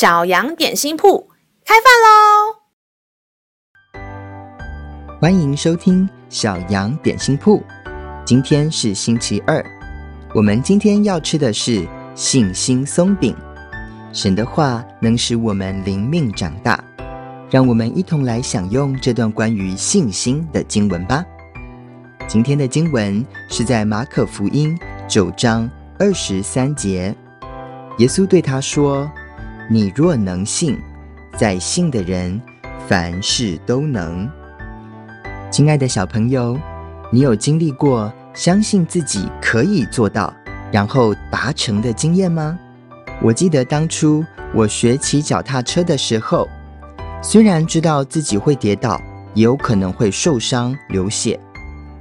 小羊點心鋪開飯嘍！歡迎收聽小羊點心鋪。今天是星期二，我們今天要吃的是信心鬆餅。神的話能使我們靈命長大，讓我們一同來享用這段關於信心的經文吧。今天的經文是在馬可福音九章二十三節，耶穌對他說。你若能信，在信的人凡事都能。親愛的小朋友，你有經歷過相信自己可以做到，然後達成的經驗嗎？我記得當初我學騎腳踏車的時候，雖然知道自己會跌倒，也有可能會受傷流血，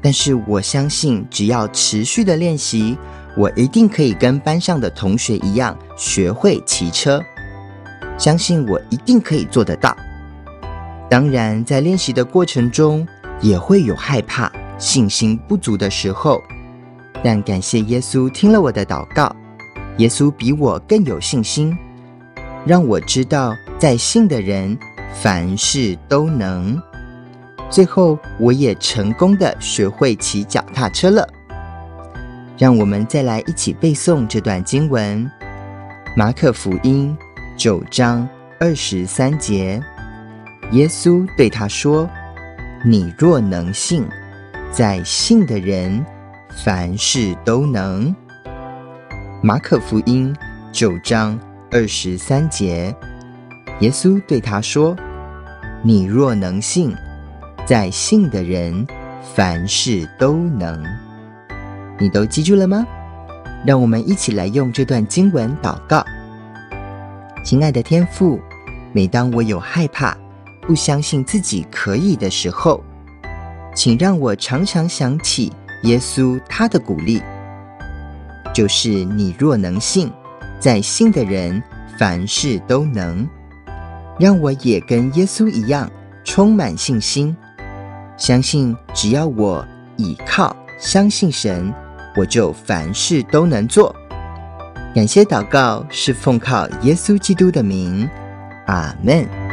但是我相信只要持續的練習，我一定可以跟班上的同學一樣學會騎車。相信我，一定可以做得到。當然，在練習的過程中也會有害怕、信心不足的時候，但感謝耶穌聽了我的禱告，耶穌比我更有信心，讓我知道，在信的人凡事都能。最後，我也成功的學會騎腳踏車了。讓我們再來一起背誦這段經文，《馬可福音》。九章二十三節，耶穌對他說：“你若能信，在信的人凡事都能。”馬可福音九章二十三節，耶穌對他說：“你若能信，在信的人凡事都能。”你都記住了嗎？讓我們一起來用這段經文禱告。親愛的天父，每當我有害怕、不相信自己可以的時候，請讓我常常想起耶穌他的鼓勵，就是“你若能信，在信的人凡事都能”。讓我也跟耶穌一樣充滿信心，相信只要我倚靠、相信神，我就凡事都能做。感謝禱告是奉靠耶穌基督的名，阿門。